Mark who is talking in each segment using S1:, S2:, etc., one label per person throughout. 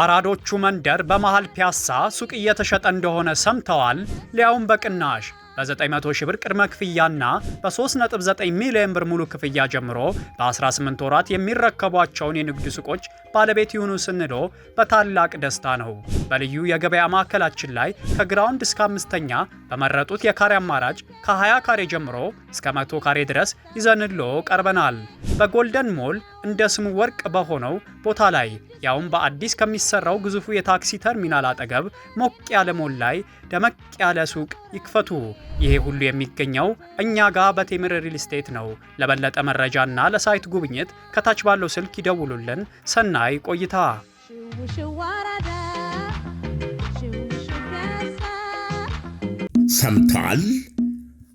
S1: አራዶቹ መንደር በመሃል ፒያሳ ሱቅ እየተሸጠ እንደሆነ ሰምተዋል? ሊያውም በቅናሽ በ900 ሺህ ብር ቅድመ ክፍያና በ3.9 ሚሊዮን ብር ሙሉ ክፍያ ጀምሮ በ18 ወራት የሚረከቧቸውን የንግድ ሱቆች ባለቤት ይሁኑ ስንሎ በታላቅ ደስታ ነው። በልዩ የገበያ ማዕከላችን ላይ ከግራውንድ እስከ አምስተኛ በመረጡት የካሬ አማራጭ ከ20 ካሬ ጀምሮ እስከ 100 ካሬ ድረስ ይዘንሎ ቀርበናል። በጎልደን ሞል እንደ ስሙ ወርቅ በሆነው ቦታ ላይ ያውም በአዲስ ከሚሰራው ግዙፉ የታክሲ ተርሚናል አጠገብ ሞቅ ያለ ሞል ላይ ደመቅ ያለ ሱቅ ይክፈቱ። ይሄ ሁሉ የሚገኘው እኛ ጋር በቴምር ሪል ስቴት ነው። ለበለጠ መረጃና ለሳይት ጉብኝት ከታች ባለው ስልክ ይደውሉልን። ሰናይ ቆይታ።
S2: ሰምተዋል።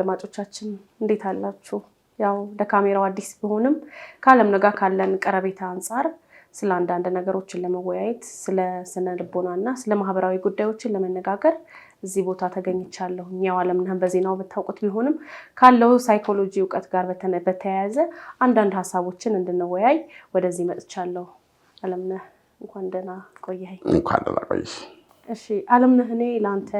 S3: አድማጮቻችን እንዴት አላችሁ? ያው ለካሜራው አዲስ ቢሆንም ከአለም ጋር ካለን ቀረቤታ አንጻር ስለ አንዳንድ ነገሮችን ለመወያየት ስለ ስነ ልቦና ና ስለ ማህበራዊ ጉዳዮችን ለመነጋገር እዚህ ቦታ ተገኝቻለሁ። ያው አለምነህ በዜናው ብታውቁት ቢሆንም ካለው ሳይኮሎጂ እውቀት ጋር በተያያዘ አንዳንድ ሀሳቦችን እንድንወያይ ወደዚህ መጥቻለሁ። አለምነህ እንኳን ደህና ቆየህ።
S4: እንኳን ደህና ቆየሽ።
S3: እሺ አለምነህ እኔ ለአንተ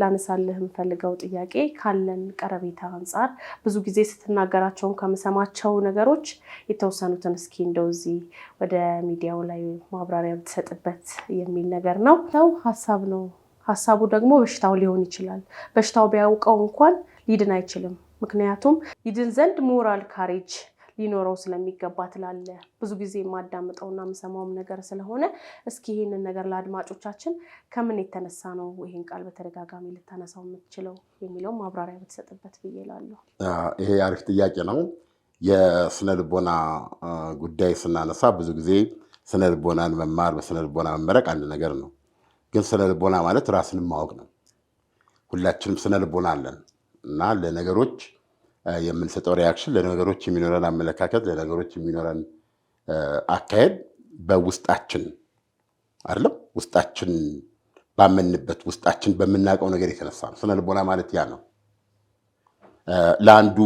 S3: ላነሳልህ የምፈልገው ጥያቄ ካለን ቀረቤታ አንጻር ብዙ ጊዜ ስትናገራቸውን ከምሰማቸው ነገሮች የተወሰኑትን እስኪ እንደው ወደ ሚዲያው ላይ ማብራሪያ ብትሰጥበት የሚል ነገር ነው። ው ሀሳብ ነው። ሀሳቡ ደግሞ በሽታው ሊሆን ይችላል። በሽታው ቢያውቀው እንኳን ሊድን አይችልም። ምክንያቱም ይድን ዘንድ ሞራል ካሬጅ ሊኖረው ስለሚገባ ትላለ። ብዙ ጊዜ የማዳምጠውና የምሰማውም ነገር ስለሆነ እስኪ ይህንን ነገር ለአድማጮቻችን ከምን የተነሳ ነው ይህን ቃል በተደጋጋሚ ልታነሳው የምትችለው የሚለው ማብራሪያ ብትሰጥበት ብዬ እላለሁ።
S4: ይሄ አሪፍ ጥያቄ ነው። የስነ ልቦና ጉዳይ ስናነሳ ብዙ ጊዜ ስነ ልቦናን መማር በስነ ልቦና መመረቅ አንድ ነገር ነው። ግን ስነ ልቦና ማለት ራስን ማወቅ ነው። ሁላችንም ስነ ልቦና አለን እና ለነገሮች የምንሰጠው ሪያክሽን፣ ለነገሮች የሚኖረን አመለካከት፣ ለነገሮች የሚኖረን አካሄድ በውስጣችን አይደለም ውስጣችን ባመንበት ውስጣችን በምናውቀው ነገር የተነሳ ነው። ስነ ልቦና ማለት ያ ነው። ለአንዱ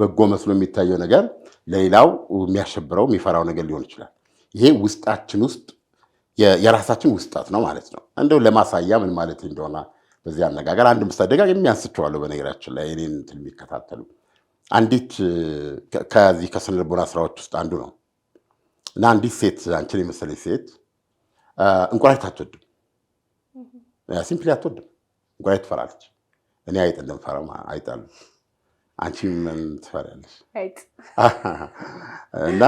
S4: በጎ መስሎ የሚታየው ነገር ለሌላው የሚያሸብረው የሚፈራው ነገር ሊሆን ይችላል። ይሄ ውስጣችን ውስጥ የራሳችን ውስጣት ነው ማለት ነው። እንደው ለማሳያ ምን ማለት እንደሆነ በዚህ አነጋገር አንድ ምሳሌ ደጋግሜ አንስቼዋለሁ። በነገራችን ላይ እኔን የሚከታተሉ አንዲት ከዚህ ከስነ ልቦና ስራዎች ውስጥ አንዱ ነው እና አንዲት ሴት አንቺን የመሰለች ሴት እንቁላሊት አትወድም። ሲምፕሊ አትወድም። እንቁላሊት ትፈራለች። እኔ አይጥ እንደምፈራ አይጣሉ አንቺ ትፈራለች? እና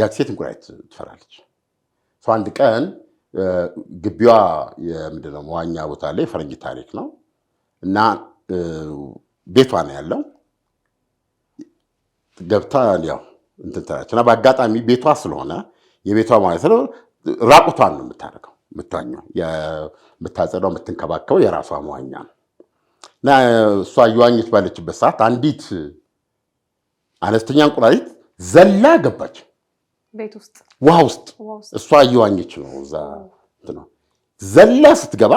S4: ያቺ ሴት እንቁላሊት ትፈራለች። ሰው አንድ ቀን ግቢዋ የምንድነው መዋኛ ቦታ ላይ ፈረንጅ ታሪክ ነው እና ቤቷ ነው ያለው ገብታ ያው እንትን ትላለች እና በአጋጣሚ ቤቷ ስለሆነ የቤቷ ማለት ነው ራቁቷን ነው የምታደርገው የምትዋኘው የምታጸዳው የምትንከባከበው የራሷ መዋኛ ነው እና እሷ እየዋኘች ባለችበት ሰዓት አንዲት አነስተኛ እንቁላሊት ዘላ ገባች ውሃ ውስጥ። እሷ እየዋኘች ነው እዛ ነው ዘላ ስትገባ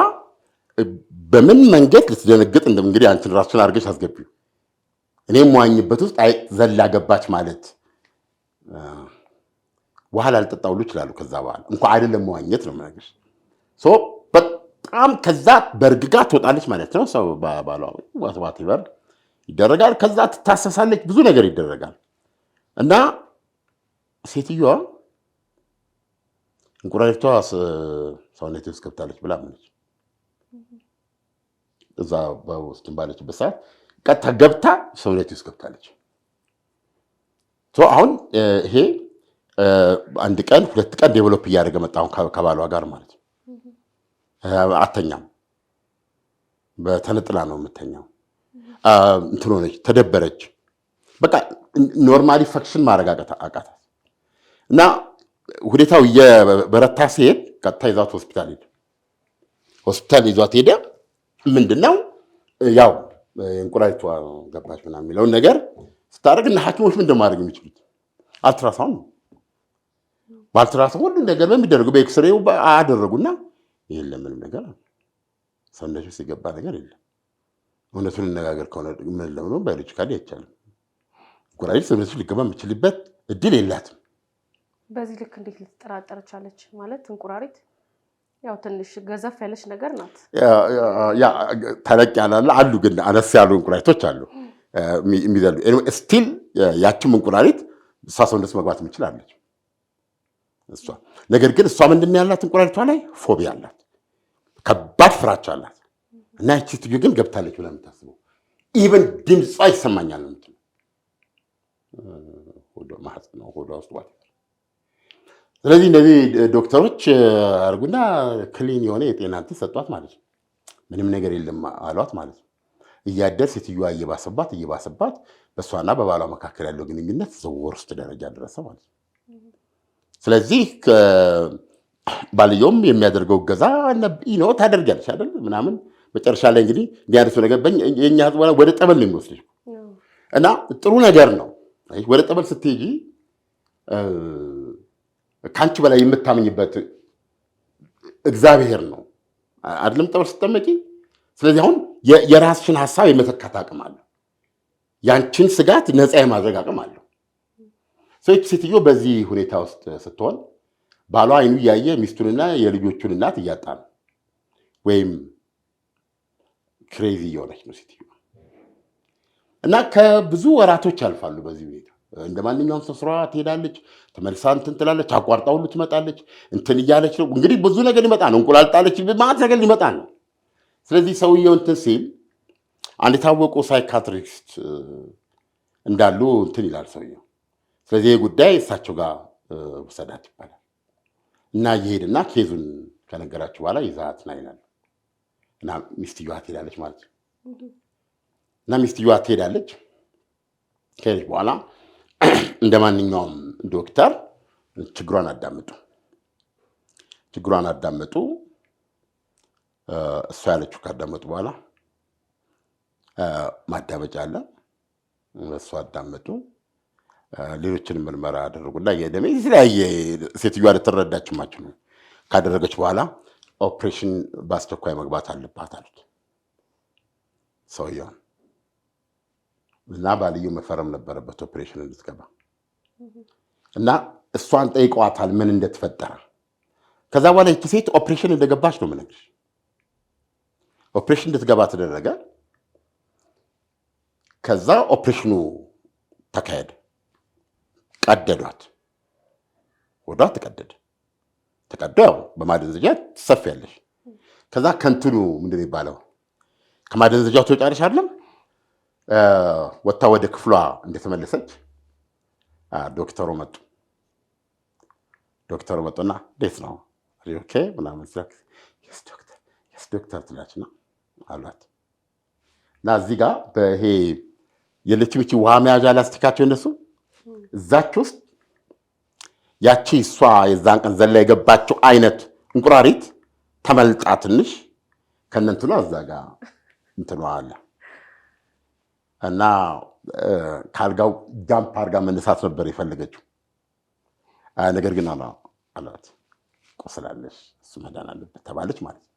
S4: በምን መንገድ ልትደነግጥ እንግዲህ አንቺን ራስሽን አድርገሽ አስገቢው እኔም ዋኝበት ውስጥ አይ ዘላ ገባች ማለት ውሃ ላልጠጣው ሁሉ ይችላሉ። ከዛ በኋላ እንኳ አይደለም መዋኘት ነው የምነግርሽ። በጣም ከዛ በእርግጋ ትወጣለች ማለት ነው። ሰው ባሏ ዋትባት ይበርድ ይደረጋል። ከዛ ትታሰሳለች፣ ብዙ ነገር ይደረጋል። እና ሴትዮዋ እንቁራሪቷ ሰውነት ውስጥ ገብታለች ብላ ምነች እዛ በውስጥ ባለችበት ሰዓት ቀጥታ ገብታ ሰውነት ውስጥ ገብታለች። አሁን ይሄ አንድ ቀን ሁለት ቀን ዴቨሎፕ እያደረገ መጣ። አሁን ከባሏ ጋር ማለት ነው። አተኛም በተነጥላ ነው የምተኛው። እንትን ሆነች፣ ተደበረች። በቃ ኖርማሊ ፈክሽን ማድረግ አቃታት እና ሁኔታው የበረታ ሲሄድ ቀጥታ ይዟት ሆስፒታል ሄደ። ሆስፒታል ይዟት ሄደ። ምንድነው ነው ያው እንቁላሊቷ ገባች ምናምን የሚለውን ነገር ስታደርግ እና ሐኪሞች ምን ማድረግ የሚችሉት አልትራሳውን ነው። በአልትራሳውንድ ሁሉ ነገር በሚደረገው በኤክስሬው አደረጉና የለም ለምንም ነገር አለ ሰውነት ውስጥ የገባ ነገር የለም። እውነቱን እነጋገር ከሆነ ምን ለምኖ ባዮሎጂካሊ አይቻልም። እንቁላሊት ሰውነት ሊገባ የምችልበት እድል የላትም።
S3: በዚህ ልክ እንዴት ልትጠራጠር ቻለች ማለት እንቁራሪት ያው ትንሽ ገዘፍ ያለች ነገር ናት።
S4: ተለቅ ያላለ አሉ፣ ግን አነስ ያሉ እንቁላሊቶች አሉ የሚዘሉ ስቲል ያችም እንቁላሊት እሷ ሰውነት መግባት እሷ ነገር ግን እሷ ምንድን ያላት እንቁላሊቷ ላይ ፎቢያ አላት፣ ከባድ ፍራቻ አላት። እና ግን ገብታለች ብላ የምታስበው ኢቨን ድምጿ ይሰማኛል ነው ሆዷ ውስጥ ስለዚህ እነዚህ ዶክተሮች አርጉና ክሊን የሆነ የጤና እንትን ሰጧት ማለት ነው። ምንም ነገር የለም አሏት ማለት ነው። እያደር ሴትዮዋ እየባሰባት እየባሰባት በእሷና በባሏ መካከል ያለው ግንኙነት ውስጥ ደረጃ ደረሰ ማለት ነው። ስለዚህ ባልየውም የሚያደርገው እገዛ ነው ታደርጋለች አይደል ምናምን መጨረሻ ላይ እንግዲህ እንዲያደሱ ነገር የኛ ህዝብ ወደ ጠበል ነው የሚወስድሽ እና ጥሩ ነገር ነው ወደ ጠበል ስትሄጂ ከአንቺ በላይ የምታምኝበት እግዚአብሔር ነው አይደለም? ጠበል ስጠመቂ። ስለዚህ አሁን የራስሽን ሀሳብ የመተካት አቅም አለው። ያንቺን ስጋት ነፃ የማድረግ አቅም አለው። ሰዎች ሴትዮ በዚህ ሁኔታ ውስጥ ስትሆን ባሏ አይኑ እያየ ሚስቱንና የልጆቹን እናት እያጣ ነው፣ ወይም ክሬዚ እየሆነች ነው ሴትዮ እና ከብዙ ወራቶች ያልፋሉ በዚህ ሁኔታ እንደ ማንኛውም ሰው ስራ ትሄዳለች፣ ተመልሳ እንትን ትላለች፣ አቋርጣ ሁሉ ትመጣለች፣ እንትን እያለች ነው እንግዲህ ብዙ ነገር ሊመጣ ነው፣ እንቁላልጣለች ጣለች፣ ማት ነገር ሊመጣ ነው። ስለዚህ ሰውየው እንትን ሲል አንድ የታወቁ ሳይካትሪስት እንዳሉ እንትን ይላል ሰውየው። ስለዚህ ይህ ጉዳይ እሳቸው ጋር ውሰዳት ይባላል እና እየሄድና ኬዙን ከነገራችሁ በኋላ ይዛት ና ይላል እና ሚስትየዋ ትሄዳለች ማለት ነው እና ሚስትየዋ ትሄዳለች ከሄደች በኋላ እንደ ማንኛውም ዶክተር ችግሯን አዳምጡ ችግሯን አዳምጡ። እሷ ያለችው ካዳመጡ በኋላ ማዳመጫ አለ። እሱ አዳመጡ፣ ሌሎችንም ምርመራ አደረጉና የደሜ የተለያየ ሴትዮዋ ልትረዳችም ነው ካደረገች በኋላ ኦፕሬሽን በአስቸኳይ መግባት አለባት አሉት ሰውየውን እና ባልዩ መፈረም ነበረበት ኦፕሬሽን እንድትገባ እና እሷን ጠይቀዋታል ምን እንደተፈጠረ። ከዛ በኋላ ይቺ ሴት ኦፕሬሽን እንደገባች ነው የምነግርሽ። ኦፕሬሽን እንድትገባ ተደረገ። ከዛ ኦፕሬሽኑ ተካሄደ። ቀደዷት፣ ወዷ ተቀደደ። ተቀዶ ያው በማደንዘጃ ትሰፊያለሽ። ከዛ ከንትኑ ምንድን የሚባለው ከማደንዘጃው ትወጫለሽ አይደለም ወታ ወደ ክፍሏ እንደተመለሰች ዶክተሩ መጡ። ዶክተሩ መጡና እንዴት ነው ኦኬ ምናምን ስ ዶክተር ትላች ነው አሏት። እና እዚህ ጋር በይሄ የለችምቺ ውሃ መያዣ ላስቲካቸው እነሱ እዛች ውስጥ ያቺ እሷ የዛን ቀን ዘላ የገባቸው አይነት እንቁራሪት ተመልጣ ትንሽ ከእነ እንትኗ እዛ ጋር እንትኗ አለ እና ካልጋው ጃምፕ አድርጋ መነሳት ነበር የፈለገችው። ነገር ግን አላት ቆስላለች፣ እሱ መዳን አለበት ተባለች ማለት ነው።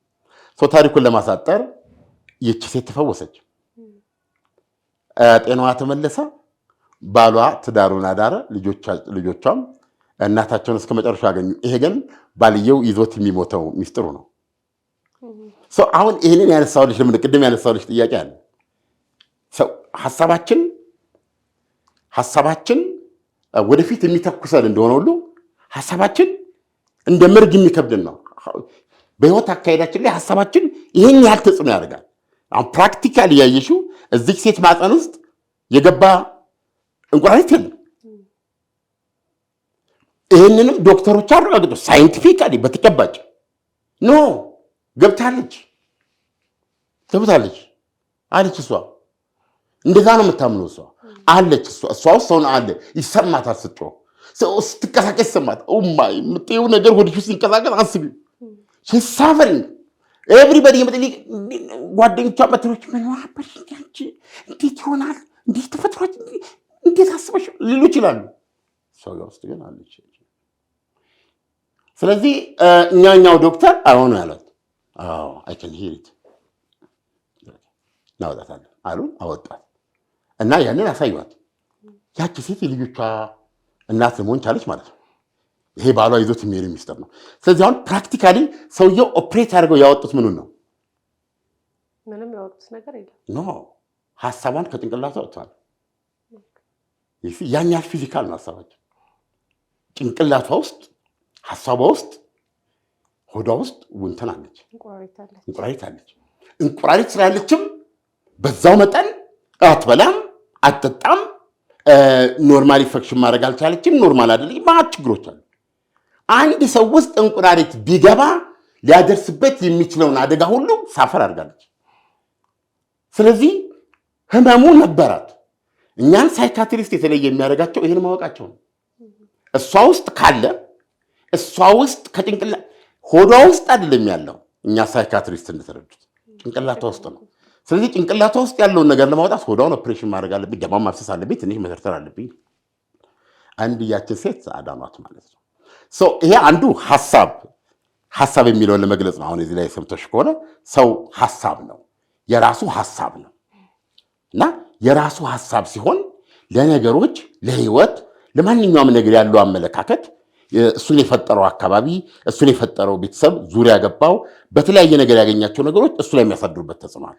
S4: ሰው ታሪኩን ለማሳጠር ይቺ ሴት ተፈወሰች፣ ጤናዋ ተመለሰ፣ ባሏ ትዳሩን አዳረ፣ ልጆቿም እናታቸውን እስከ መጨረሻ ያገኙ። ይሄ ግን ባልየው ይዞት የሚሞተው ሚስጥሩ ነው። አሁን ይህንን ያነሳሁልሽ ለምን ቅድም ያነሳሁልሽ ጥያቄ አለ ሀሳባችን ሀሳባችን ወደፊት የሚተኩሰን እንደሆነ ሁሉ ሀሳባችን እንደ ምርግ የሚከብድን ነው። በህይወት አካሄዳችን ላይ ሀሳባችን ይህን ያህል ተጽዕኖ ያደርጋል። አሁን ፕራክቲካል እያየሽው እዚህ ሴት ማፀን ውስጥ የገባ እንቁላሊት የለም። ይህንንም ዶክተሮች አረጋግጡ ሳይንቲፊካሊ በተጨባጭ ኖ ገብታለች ገብታለች አለች እሷ እንደዛ ነው የምታምነው። እሷ አለች፣ እሷ ውስጥ ሰውን አለ ይሰማታል። ስትጮህ ስትንቀሳቀስ ይሰማት ማ የምትይው ነገር ወደ ሲንቀሳቀስ አስቢ ሳፈሪንግ ኤቭሪበዲ የመጠ ጓደኞቿ መትሮች መኖራበር አንቺ እንዴት ይሆናል? እንዴት ተፈጥሯች? እንዴት አስበሽ ሊሉ ይችላሉ። ሰጋ ውስጥ ግን አለች። ስለዚህ እኛኛው ዶክተር አይሆኑ ያሏት አይከን ሂሪት ናወጣታለን አሉን። አወጣት። እና ያንን አሳዩዋት። ያቺ ሴት የልጆቿ እናት ለመሆን ቻለች ማለት ነው። ይሄ ባሏ ይዞት የሚሄድ ሚስጥር ነው። ስለዚህ አሁን ፕራክቲካሊ ሰውየው ኦፕሬት አድርገው ያወጡት ምኑን ነው?
S3: ምንም ያወጡት ነገር የለም።
S4: ኖ ሀሳቧን ከጭንቅላቷ ወጥተዋል። ያን ያህል ፊዚካል ነው ሀሳባቸው። ጭንቅላቷ ውስጥ፣ ሀሳቧ ውስጥ፣ ሆዷ ውስጥ ውንትን አለች፣ እንቁራሪት አለች። እንቁራሪት ስላለችም በዛው መጠን አትበላም፣ አትጠጣም፣ ኖርማል ኢንፌክሽን ማድረግ አልቻለችም፣ ኖርማል አደለች። ማለት ችግሮች አሉ። አንድ ሰው ውስጥ እንቁራሪት ቢገባ ሊያደርስበት የሚችለውን አደጋ ሁሉ ሳፈር አድርጋለች። ስለዚህ ህመሙ ነበራት። እኛን ሳይካትሪስት የተለየ የሚያደርጋቸው ይህን ማወቃቸው ነው። እሷ ውስጥ ካለ እሷ ውስጥ ከጭንቅላ ሆዷ ውስጥ አይደለም ያለው እኛ ሳይካትሪስት እንደተረዱት ጭንቅላቷ ውስጥ ነው። ስለዚህ ጭንቅላቷ ውስጥ ያለውን ነገር ለማውጣት ሆዷን ኦፕሬሽን ማድረግ አለብኝ፣ ደማ ማፍሰስ አለብኝ፣ ትንሽ መተርተር አለብኝ። አንድ ያችን ሴት አዳኗት ማለት ነው። ይሄ አንዱ ሀሳብ ሀሳብ የሚለውን ለመግለጽ ነው። አሁን እዚህ ላይ ሰምተሽ ከሆነ ሰው ሀሳብ ነው፣ የራሱ ሀሳብ ነው እና የራሱ ሀሳብ ሲሆን ለነገሮች፣ ለህይወት፣ ለማንኛውም ነገር ያለው አመለካከት እሱን የፈጠረው አካባቢ፣ እሱን የፈጠረው ቤተሰብ፣ ዙሪያ ገባው፣ በተለያየ ነገር ያገኛቸው ነገሮች እሱ ላይ የሚያሳድሩበት ተጽዕኖ አለ።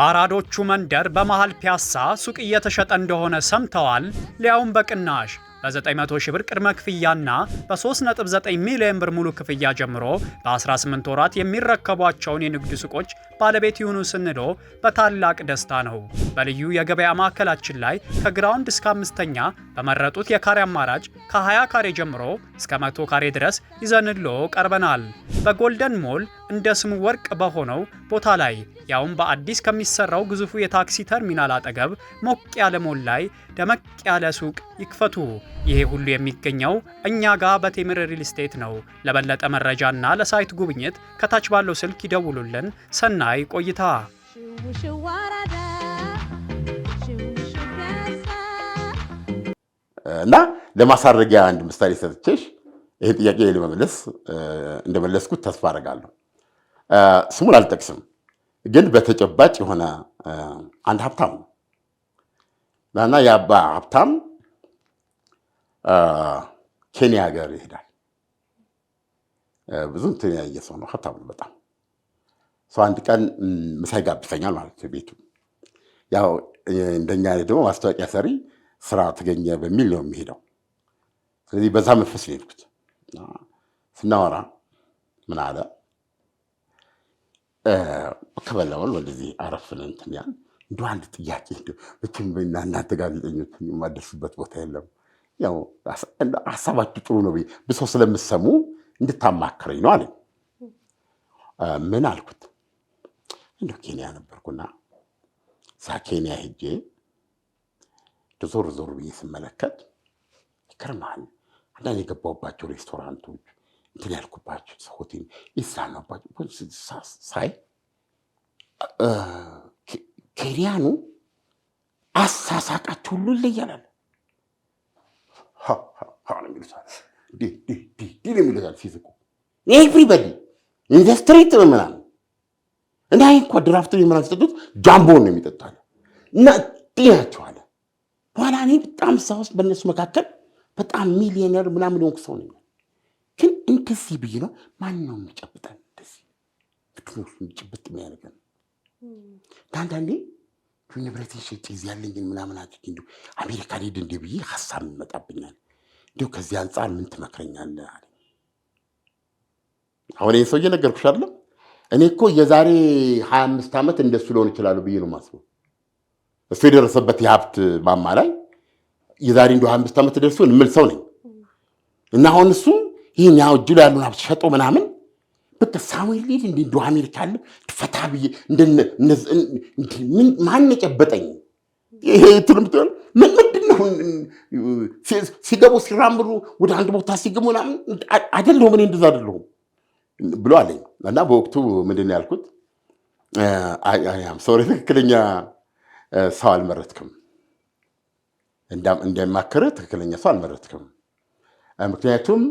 S1: ባራዶቹ መንደር በመሃል ፒያሳ ሱቅ እየተሸጠ እንደሆነ ሰምተዋል? ሊያውም በቅናሽ በ900 ሺህ ብር ቅድመ ክፍያና በ3.9 ሚሊዮን ብር ሙሉ ክፍያ ጀምሮ በ18 ወራት የሚረከቧቸውን የንግድ ሱቆች ባለቤት ይሁኑ ስንሎ በታላቅ ደስታ ነው። በልዩ የገበያ ማዕከላችን ላይ ከግራውንድ እስከ አምስተኛ በመረጡት የካሬ አማራጭ ከ20 ካሬ ጀምሮ እስከ መቶ ካሬ ድረስ ይዘንሎ ቀርበናል። በጎልደን ሞል እንደ ስሙ ወርቅ በሆነው ቦታ ላይ ያውም በአዲስ ከሚሰራው ግዙፉ የታክሲ ተርሚናል አጠገብ ሞቅ ያለ ሞል ላይ ደመቅ ያለ ሱቅ ይክፈቱ። ይሄ ሁሉ የሚገኘው እኛ ጋር በቴምር ሪል ስቴት ነው። ለበለጠ መረጃና ለሳይት ጉብኝት ከታች ባለው ስልክ ይደውሉልን። ሰና ሰናይ ቆይታ።
S4: እና ለማሳረጊያ አንድ ምሳሌ ሰጥቼሽ ይህ ጥያቄ ለመመለስ እንደመለስኩት ተስፋ አደርጋለሁ። ስሙን አልጠቅስም፣ ግን በተጨባጭ የሆነ አንድ ሀብታም ነው እና የአባ ሀብታም ኬንያ ሀገር ይሄዳል። ብዙ እንትን ያየ ሰው ነው። ሀብታም ነው በጣም ሰው አንድ ቀን ምሳ ይጋብዘኛል ማለት ቤቱ። ያው እንደኛ ደግሞ ማስታወቂያ ሰሪ ስራ ተገኘ በሚል ነው የሚሄደው። ስለዚህ በዛ መንፈስ ነው የሄድኩት። ስናወራ ምን አለ ከበላውን ወደዚህ አረፍን እንትን ያን እንደ አንድ ጥያቄ መቼም እናንተ ጋዜጠኞች የማደርስበት ቦታ የለም። ያው ሀሳባችሁ ጥሩ ነው ብሰው ስለምሰሙ እንድታማክረኝ ነው አለኝ። ምን አልኩት፣ እንደ ኬንያ ነበርኩና ዛ ኬንያ ሄጄ ዞር ዞር ብዬ ስመለከት ይገርማል። አንዳንድ የገባሁባቸው ሬስቶራንቶች እንትን ያልኩባቸው ሆቴል ይሳናባቸው ሳይ ኬንያኑ አሳሳቃቸው ሁሉ ይለያላል። ሚሉታል ሚሉታል ሲስቁ ኤቭሪበዲ ኢንዱስትሪ ምናምን እና ይህ እንኳ ድራፍት ምናምን ሲጠጡት ጃምቦን ነው የሚጠጣለ እና ጥያቸዋለ። በኋላ እኔ በጣም እዛ ውስጥ በእነሱ መካከል በጣም ሚሊዮነር ምናምን ሆንኩ ሰው ነኝ። ግን እንደዚህ ብዬ ነው ማን ነው የሚጨብጠን? እንደዚህ ፍትኖች የሚጨብጥ የሚያደርገን አንዳንዴ ንብረቴን ሸጬ እዚህ ያለኝን ምናምን አድርጌ እንዲሁ አሜሪካ ልሄድ እንደ ብዬ ሀሳብ ይመጣብኛል። እንዲሁ ከዚህ አንጻር ምን ትመክረኛለህ? አሁን ይህ ሰው እየነገርኩሽ አይደለም እኔ እኮ የዛሬ 25 ዓመት እንደሱ ሊሆን ይችላሉ ብዬ ነው ማስበው። እሱ የደረሰበት የሀብት ማማ ላይ የዛሬ እንዲ 25 ዓመት ደርሶ እንምል ሰው ነኝ እና አሁን እሱ ይህን ያው እጁ ያሉን ሀብት ሸጦ ምናምን በቃ ሳሙኤል ሊል እንዲ እንዲ አሜሪካ አለ ፈታ ብዬ ማን የጨበጠኝ ይሄ ትልምት ምንድን ነው? ሲገቡ ሲራምሩ ወደ አንድ ቦታ ሲገቡ ምናምን አይደለሁም እኔ እንደዛ አደለሁም። ብሎ አለኝ እና በወቅቱ ምንድን ያልኩት ሰው ትክክለኛ ሰው አልመረትክም፣ እንደማከረ ትክክለኛ ሰው አልመረትክም። ምክንያቱም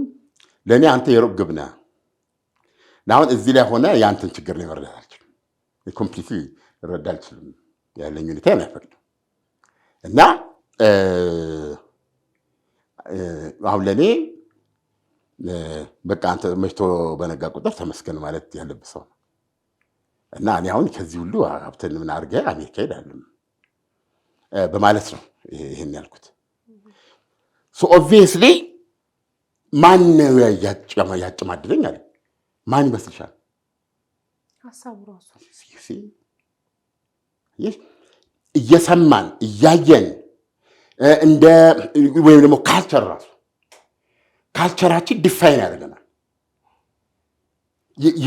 S4: ለእኔ አንተ የሩቅ ግብ ነህ። አሁን እዚህ ላይ ሆነ የአንተን ችግር ላይ መረዳት አልችልም። ኮምፕሊት ረዳ አልችልም። ያለኝ ሁኔታ አይፈቅድም። እና አሁን ለእኔ በቃ አንተ መሽቶ በነጋ ቁጥር ተመስገን ማለት ያለብህ ሰው ነው። እና እኔ አሁን ከዚህ ሁሉ ሀብትን ምን አድርጌ አሜሪካ ሄዳለም በማለት ነው ይህን ያልኩት። ኦብቪየስሊ ማን ነው ያጨማድለኝ አለ። ማን ይመስልሻል? እየሰማን እያየን እንደ ወይም ደግሞ ካልቸር ራሱ ካልቸራችን ዲፋይን ያደርገናል።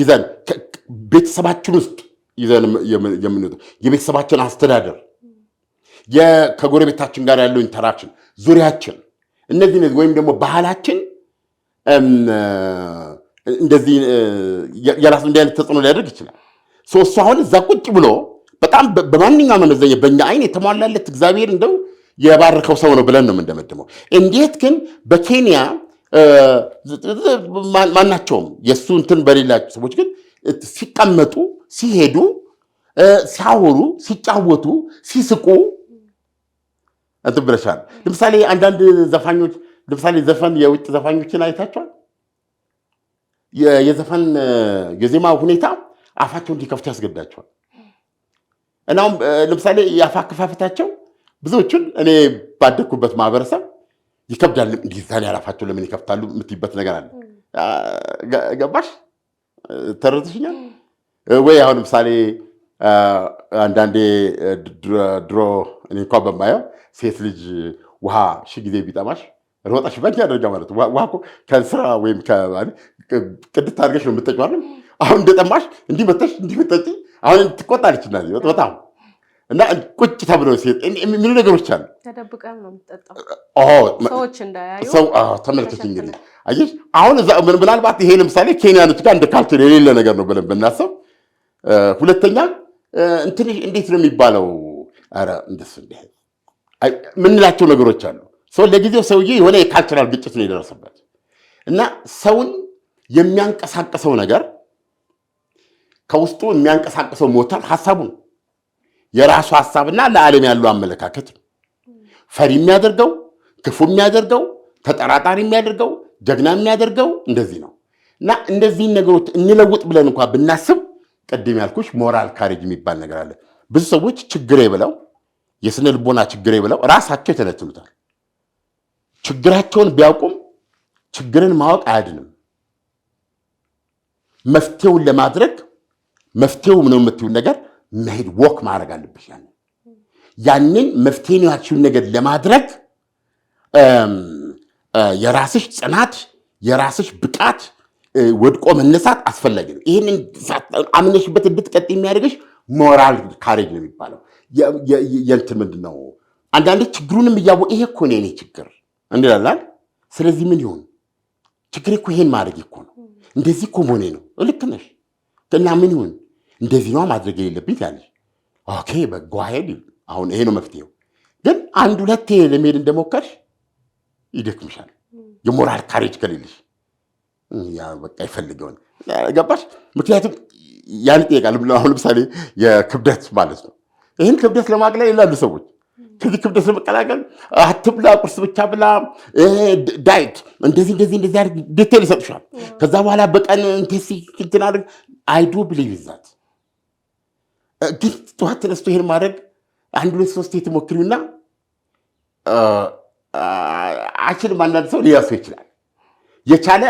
S4: ይዘን ቤተሰባችን ውስጥ ይዘን የቤተሰባችን አስተዳደር፣ ከጎረቤታችን ጋር ያለው ኢንተራክሽን፣ ዙሪያችን፣ እነዚህ ወይም ደግሞ ባህላችን እንደዚህ የራሱ እንዲህ አይነት ተጽዕኖ ሊያደርግ ይችላል። እሱ አሁን እዛ ቁጭ ብሎ በጣም በማንኛውም መመዘኛ በእኛ አይን የተሟላለት እግዚአብሔር እንደው የባረከው ሰው ነው ብለን ነው የምንደመድመው። እንዴት ግን በኬንያ ማናቸውም የእሱ እንትን በሌላቸው ሰዎች ግን ሲቀመጡ፣ ሲሄዱ፣ ሲያወሩ፣ ሲጫወቱ፣ ሲስቁ እንትን ብለሻል። ለምሳሌ አንዳንድ ዘፋኞች ለምሳሌ ዘፈን የውጭ ዘፋኞችን አይታቸዋል። የዘፈን የዜማ ሁኔታ አፋቸውን እንዲከፍቱ ያስገዳቸዋል። እናም ለምሳሌ የአፋ አከፋፈታቸው ብዙዎቹን እኔ ባደግኩበት ማህበረሰብ ይከብዳል። ጌታን ያላፋቸው ለምን ይከፍታሉ የምትይበት ነገር አለ። ገባሽ? ተረድተሽኛል ወይ? አሁን ምሳሌ አንዳንዴ ድሮ እኔ እንኳ በማየው ሴት ልጅ ውሃ ሺ ጊዜ ቢጠማሽ ሮጣሽ በኛ ደረጃ ማለት ውሃ ከስራ ወይም ቅድት አድርገሽ ነው የምጠጪው አሁን እንደጠማሽ እንዲህ መተሽ እንዲህ መጠጪ አሁን ትቆጣለች እና በጣም እና ቁጭ ተብሎ የሚሉ ነገሮች አሉ።
S3: ተደብቀህ ነው
S4: ተመልከች እንግዲህ አየሽ፣ አሁን ምናልባት ይሄ ለምሳሌ ኬንያኖች ጋር እንደ ካልቸር የሌለ ነገር ነው ብለን ብናስብ፣ ሁለተኛ እንትን እንዴት ነው የሚባለው? ኧረ እንደሱ ምንላቸው ነገሮች አሉ። ሰው ለጊዜው ሰውዬ የሆነ የካልቸራል ግጭት ነው የደረሰበት እና ሰውን የሚያንቀሳቅሰው ነገር ከውስጡ የሚያንቀሳቅሰው ሞተር ሀሳቡ ነው የራሱ ሀሳብና ለዓለም ያለው አመለካከት ነው። ፈሪ የሚያደርገው ክፉ የሚያደርገው ተጠራጣሪ የሚያደርገው ጀግና የሚያደርገው እንደዚህ ነው እና እንደዚህን ነገሮች እንለውጥ ብለን እንኳ ብናስብ ቅድም ያልኩሽ ሞራል ካሬጅ የሚባል ነገር አለ። ብዙ ሰዎች ችግሬ ብለው የስነ ልቦና ችግሬ ብለው ራሳቸው የተነትኑታል። ችግራቸውን ቢያውቁም ችግርን ማወቅ አያድንም። መፍትሄውን ለማድረግ መፍትሄው ነው የምትይውን ነገር መሄድ ወክ ማድረግ አለብሽ። ያንን ያንን መፍትሄ ያችሁን ነገር ለማድረግ የራስሽ ጽናት፣ የራስሽ ብቃት፣ ወድቆ መነሳት አስፈላጊ ነው። ይህንን አምነሽበት እንድትቀጥ የሚያደርግሽ ሞራል ካሬጅ ነው የሚባለው። የእንትን ምንድን ነው አንዳንዴ ችግሩንም እያወ ይሄ እኮ ነው የኔ ችግር እንላለን። ስለዚህ ምን ይሆን ችግር እኮ ይሄን ማድረግ እኮ ነው እንደዚህ እኮ መሆኔ ነው። ልክ ነሽ እና ምን ይሆን? እንደዚህ ነው ማድረግ የሌለብኝ ትያለሽ። ኦኬ በጎ አሁን ይሄ ነው መፍትሄው። ግን አንድ ሁለት ለመሄድ እንደሞከርሽ ይደክምሻል። የሞራል ካሬጅ ከሌለሽ በቃ ይፈልገውን ገባሽ። ምክንያቱም ያን ይጠይቃል። አሁን ለምሳሌ የክብደት ማለት ነው። ይህን ክብደት ለማቅለል ይላሉ ሰዎች ከዚህ ክብደት ለመቀላቀል አትብላ፣ ቁርስ ብቻ ብላ፣ ዳይት እንደዚህ እንደዚህ እንደዚህ ዲቴል ይሰጡሻል። ከዛ በኋላ በቀን እንቴሲ እንትን አድርግ አይዶ ብሌቪዛት ግን ጠዋት ተነስቶ ይሄን ማድረግ አንድ ሁለት ሶስት የትሞክሉና አችልም አንዳንድ ሰው ሊያሱ ይችላል። የቻለ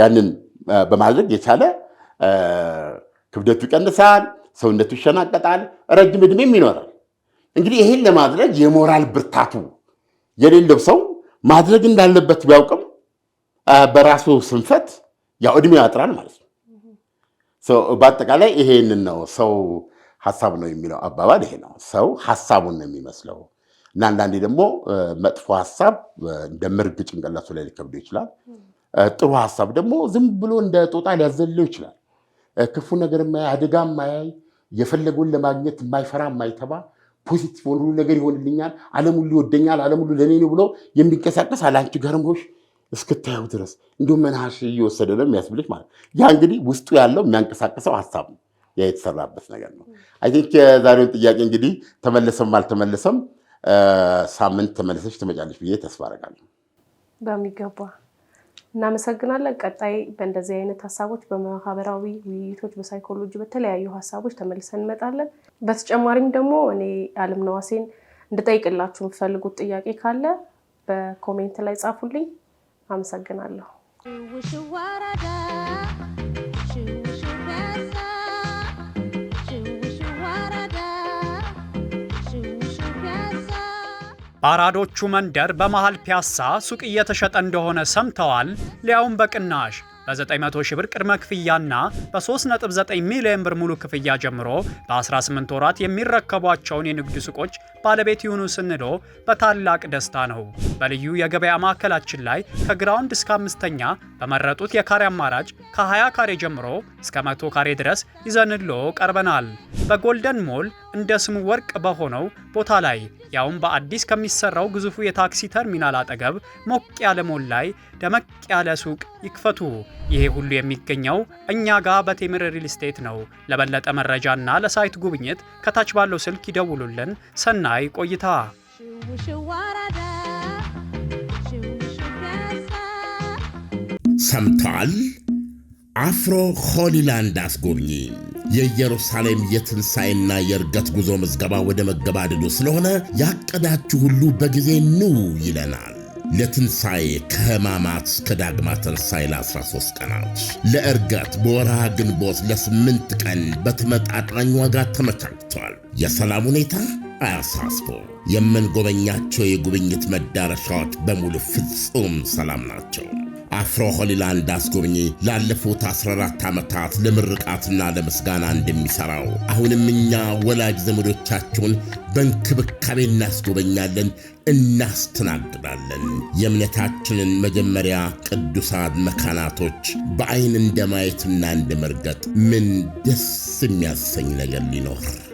S4: ያንን በማድረግ የቻለ ክብደቱ ይቀንሳል፣ ሰውነቱ ይሸናቀጣል፣ ረጅም ዕድሜም ይኖራል። እንግዲህ ይሄን ለማድረግ የሞራል ብርታቱ የሌለው ሰው ማድረግ እንዳለበት ቢያውቅም በራሱ ስንፈት ያው ዕድሜ ያጥራል ማለት ነው። በአጠቃላይ ይሄንን ነው ሰው ሀሳብ ነው የሚለው አባባል ይሄ ነው። ሰው ሀሳቡን ነው የሚመስለው እና አንዳንዴ ደግሞ መጥፎ ሀሳብ እንደ ምርግ ጭንቅላቱ ላይ ሊከብደው ይችላል። ጥሩ ሀሳብ ደግሞ ዝም ብሎ እንደ ጦጣ ሊያዘለው ይችላል። ክፉ ነገር የማያይ አደጋ የማያይ የፈለገውን ለማግኘት የማይፈራ የማይተባ ፖዚቲቭ ሆኖ ሁሉ ነገር ይሆንልኛል፣ አለም ሁሉ ይወደኛል፣ ዓለም ሁሉ ለእኔ ነው ብሎ የሚንቀሳቀስ አለ አንቺ ጋርም እስክታየው ድረስ እንዲሁም መናሽ እየወሰደ ነው የሚያስብልሽ ማለት ያ እንግዲህ ውስጡ ያለው የሚያንቀሳቀሰው ሀሳብ ነው። ያ የተሰራበት ነገር ነው። አይ ቲንክ የዛሬውን ጥያቄ እንግዲህ ተመለሰም አልተመለሰም ሳምንት ተመለሰች ትመጫለች ብዬ ተስፋ አደርጋለሁ። በሚገባ እናመሰግናለን። ቀጣይ በእንደዚህ አይነት ሀሳቦች በማህበራዊ ውይይቶች፣ በሳይኮሎጂ በተለያዩ ሀሳቦች ተመልሰን እንመጣለን። በተጨማሪም ደግሞ እኔ አለም ነዋሴን እንድጠይቅላችሁ የምትፈልጉት ጥያቄ ካለ በኮሜንት ላይ ጻፉልኝ። አመሰግናለሁ። በአራዶቹ መንደር በመሃል ፒያሳ ሱቅ እየተሸጠ እንደሆነ ሰምተዋል? ሊያውም በቅናሽ በ900 ሺህ ብር ቅድመ ክፍያና በ3.9 ሚሊዮን ብር ሙሉ ክፍያ ጀምሮ በ18 ወራት የሚረከቧቸውን የንግድ ሱቆች ባለቤት ይሁኑ ስንሎ በታላቅ ደስታ ነው። በልዩ የገበያ ማዕከላችን ላይ ከግራውንድ እስከ አምስተኛ በመረጡት የካሬ አማራጭ ከ20 ካሬ ጀምሮ እስከ መቶ ካሬ ድረስ ይዘንሎ ቀርበናል። በጎልደን ሞል እንደ ስሙ ወርቅ በሆነው ቦታ ላይ ያውም በአዲስ ከሚሰራው ግዙፉ የታክሲ ተርሚናል አጠገብ ሞቅ ያለ ሞል ላይ ደመቅ ያለ ሱቅ ይክፈቱ። ይሄ ሁሉ የሚገኘው እኛ ጋር በቴምር ሪል ስቴት ነው። ለበለጠ መረጃና ለሳይት ጉብኝት ከታች ባለው ስልክ ይደውሉልን። ሰና ሰናይ ቆይታ። ሰምተዋል። አፍሮ ሆሊላንድ አስጎብኚ የኢየሩሳሌም የትንሣኤና የእርገት ጉዞ ምዝገባ ወደ መገባደዱ ስለሆነ ያቀዳችሁ ሁሉ በጊዜ ኑ ይለናል። ለትንሣኤ ከህማማት እስከ ዳግማ ትንሣኤ ለ13 ቀናት፣ ለእርገት በወርሃ ግንቦት ለስምንት ቀን በተመጣጣኝ ዋጋ ተመቻችቷል። የሰላም ሁኔታ አያሳስቦ የምንጎበኛቸው የጉብኝት መዳረሻዎች በሙሉ ፍጹም ሰላም ናቸው። አፍሮ ሆሊላንድ አስጎብኚ ላለፉት 14 ዓመታት ለምርቃትና ለምስጋና እንደሚሠራው አሁንም እኛ ወላጅ ዘመዶቻችሁን በእንክብካቤ እናስጎበኛለን፣ እናስተናግዳለን። የእምነታችንን መጀመሪያ ቅዱሳት መካናቶች በዐይን እንደ ማየትና እንደ መርገጥ ምን ደስ የሚያሰኝ ነገር ሊኖር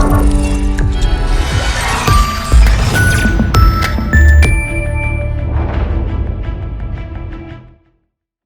S4: Thank you.